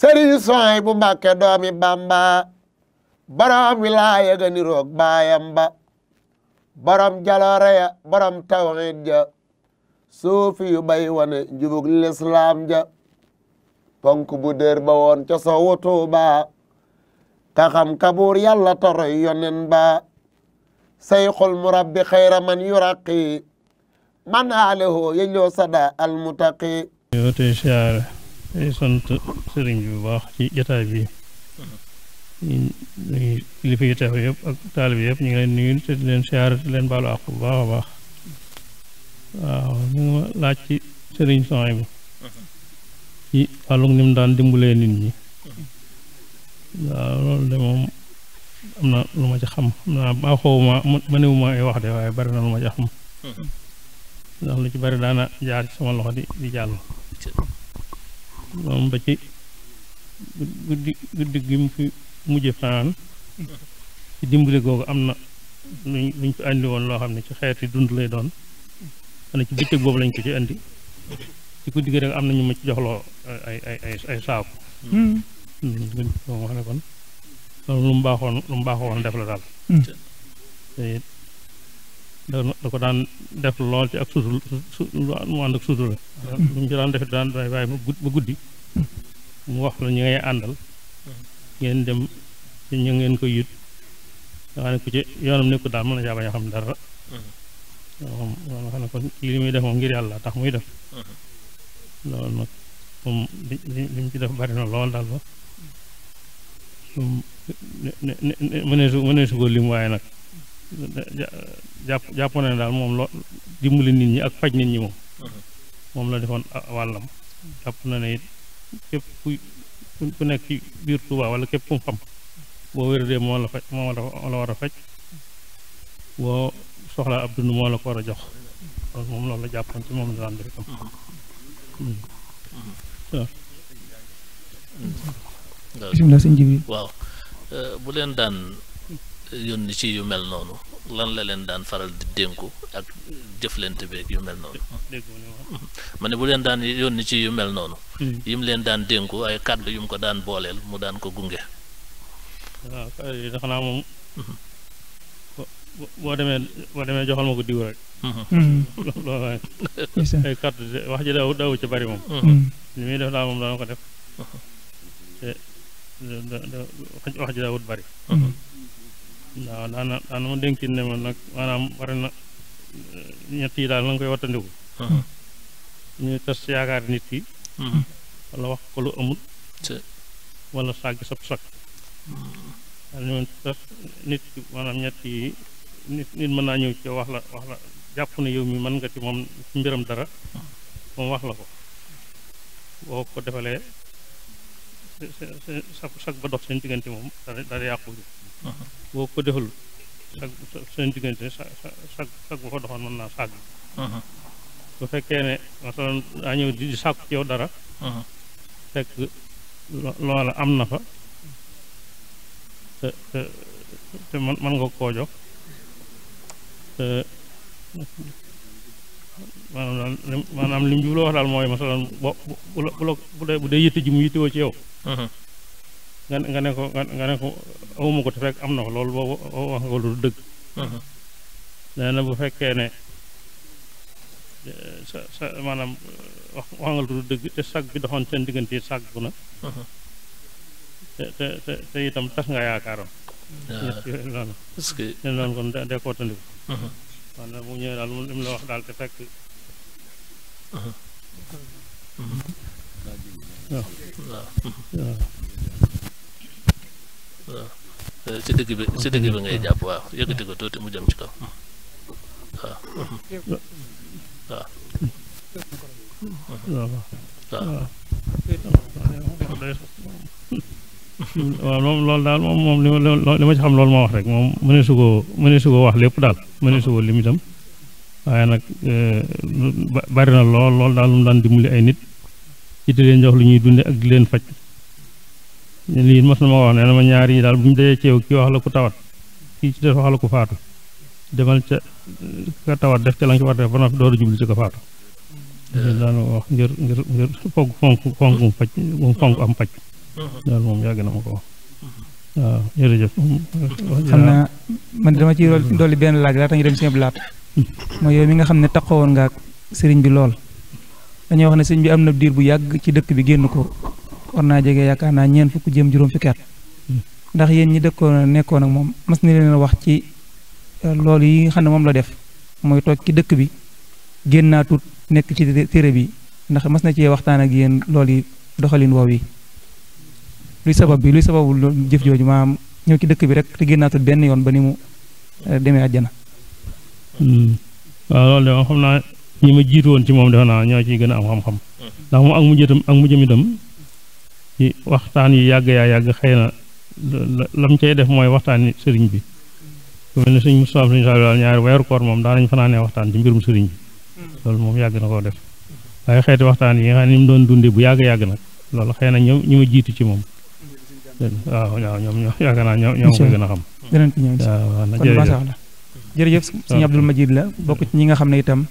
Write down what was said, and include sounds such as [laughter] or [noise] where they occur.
sëriñ soy bu mbàkke doomi bamba borom wilaaya ga ni roog baayam ba borom jaloore ya borom ja suufi yu bay wane njubug lislaam ja ponk bu dër ba woon ca sowu Tuuba ka xam kabuur yàlla toroy yonen ba sayxul murabbi xayra man yuraqi man aaleho yëjoo sada almutaqi yoo day sant sëriñ bi bu baax ci jataay bi mhm. li fi teew yëpp ak taalib yëpp ñu ngi leen nuyu te leen siyaare te leen baalu àq bu baax a baax waaw ñu ma laaj ci sëriñ soy bi mhm. ci wàllug ni mu daan dimbalee nit ñi mhm. waaw loolu de moom am na lu ma ci xam xam naa baaxoowuma mënewuma ay wax de waaye bari lu ma ci xam ndax lu ci bari daana jaar ci sama loxo di di moom ba ci guddi guddi gi mu fi mujj fanaan ci dimbali googu am na luñ luñ fi andi woon loo xam ne ci xeeti dund lay doon xanaa ci bëccëg boobu lañ ko ci andi ci guddi gi rek am na ñu ma ci joxloo ay ay ay ay saaku. Hmm. Hmm, loolu lu mu baaxoon lu mu baaxoon def la daal. Hmm. da ko daan def lool ci ak suutu mu ànd ak suutu la lu ci daan def daan daan waaye ba guddi mu wax la ñu ngay àndal ngeen dem ci ñu ngeen ko yit danga ne ku yoonam nekku daal mën a jaabañ a xam dara moom muy def ngir yàlla tax muy def loolu nag moom li mu ci def bari na lool daal ba su lim waaye nag jàpp jàpp na ne daal moom loo dimbali nit ñi ak faj nit ñi moom uh-huh. moom la defoon wàllam jàpp na ne it képp ku nekk biir Touba wala képp ku mu xam boo wéradee moo la faj moo la war a faj boo soxlaa ab dund moo la ko war a jox loolu loolu la jàppoon ci moom uh-huh. Hmm. Uh-huh. Hmm. Hmm. Euh, leen daan yónni ci yu mel noonu lan la leen daan faral di dénku ak jëflante beeg yu mel noonu. ma bu leen daan yónni ci yu mel noonu. Hmm. yim leen daan dénku ay kàddu yu ko daan booleel mu daan ko gunge. waaw kàddu yi xanaa demee boo demee joxal ko diw rek. Hmm. Hmm. [laughs] wax ji daaw daaw ci bari moom. li muy def daal moom dana ko def. Eh, wax ji daawut bari. waaw daana daana ma dénk ne ma nag maanaam war na eh, ñett yi daal na nga koy wattandiku hmm. ñu tas yaakaar nit ki hmm. wala wax ko lu amul wala sàgg sab sag daal nit ki maanaam ñett yi nit nit mën naa ñëw ci wax la wax la jàpp ne yow mi man nga ci moom mbiram dara moom wax la ko boo ko defalee sa sa sag ba dox seen diggante moom dara dara yàqu boo ko deful sag seen diggante sag sag bu fa doxoon mën naa sàgg uh-huh. bu fekkee ne masalan daa ñëw di sàkku ci yow dara uh-huh. fekk loola am na fa te te man mën nga koo jox te maanaam daal maanaam li mu jubloo wax daal mooy masalan bu bu bu dee yitte ji mu yittewoo ci yow uh-huh. nga nga ne ko nga ne ko awuma ko te fekk am na ko loolu boobu wax nga lu dëgg uh-huh. nee na bu fekkee ne sa sa maanaam wax wax nga lu dëgg te sag bi doxoon seen diggante yi sag bu na uh-huh. te te te itam tas nga yaakaaroon noonu ne noonu kon dee ko tandiku maanaam bu ñëwee daal li mu la wax daal te fekk uh-huh. waaw waaw ci digg bi ci digg bi ngay jàpp waaw yëkkati ko tuuti mu jëm ci waaw moom loolu daal moom moom li ma li ma ci xam loolu ma wax rek moom mënee su mënee su wax lépp daal mënee su ko waaye nag e, bari na lool lool daal mu daan dimbali ay nit ci leen jox lu ñuy dunde ak di leen faj lii mas na ma wax nee na ma ñaari ñi daal bu ñu dajee ceew kii wax la ku tawat kii ci def wax la ku faatu demal ca ka tawat def ca la nga ci war def door a jublu ko faatu daal ma wax ngir ngir ngir foog moom yàgg na ma ko wax waaw jërëjëf xam naa man dama ci dolli benn laaj laata ñu dem seen laat mooy yow mi nga xam ne taxawoon woon ak sëriñ bi lool dañuy wax ne sëriñ bi am na diir bu yàgg ci dëkk bi génn ko war naa jege yaakaar naa ñeent fukk jëm juróom fukki at ndax yéen ñi dëkkoon nekkoon ak moom mas na leen wax ci euh, loolu yi nga xam ne moom la def mooy toog ci dëkk bi génn naa tut nekk ci bi ndax mas na cee waxtaan ak yéen loolu yi doxalin woow yi luy sabab bi luy sababu jëf jooju maam ñëw dëkk bi rek te benn yoon ba ni mu euh, demee àjjana hmm. waaw loolu de moom xam naa ñi ma jiitu woon ci moom defe naa ñoo ciy gën a am xam-xam hmm. ndax moom ak mu jëtam ci waxtaan yi yàgg yaa yàgg xëy na lam cay def mooy waxtaan sëriñ bi ku mel ne sëñ Moustapha sëñ Saliou ñaari weeru koor moom daanañ fanaanee waxtaan ci mbirum sëriñ bi hmm. loolu moom yàgg na koo def waaye xeeti waxtaan yi nga xam ne doon dundee bu yàgg-yàgg nag loolu xëy na ñoom ñi ma ci moom waaw waaw ñoom ñoo yaakaar naa ñoo ñoo ko gën a xam jërëjëf sëñ Abdoul Majid la bokk ñi nga xam ne itam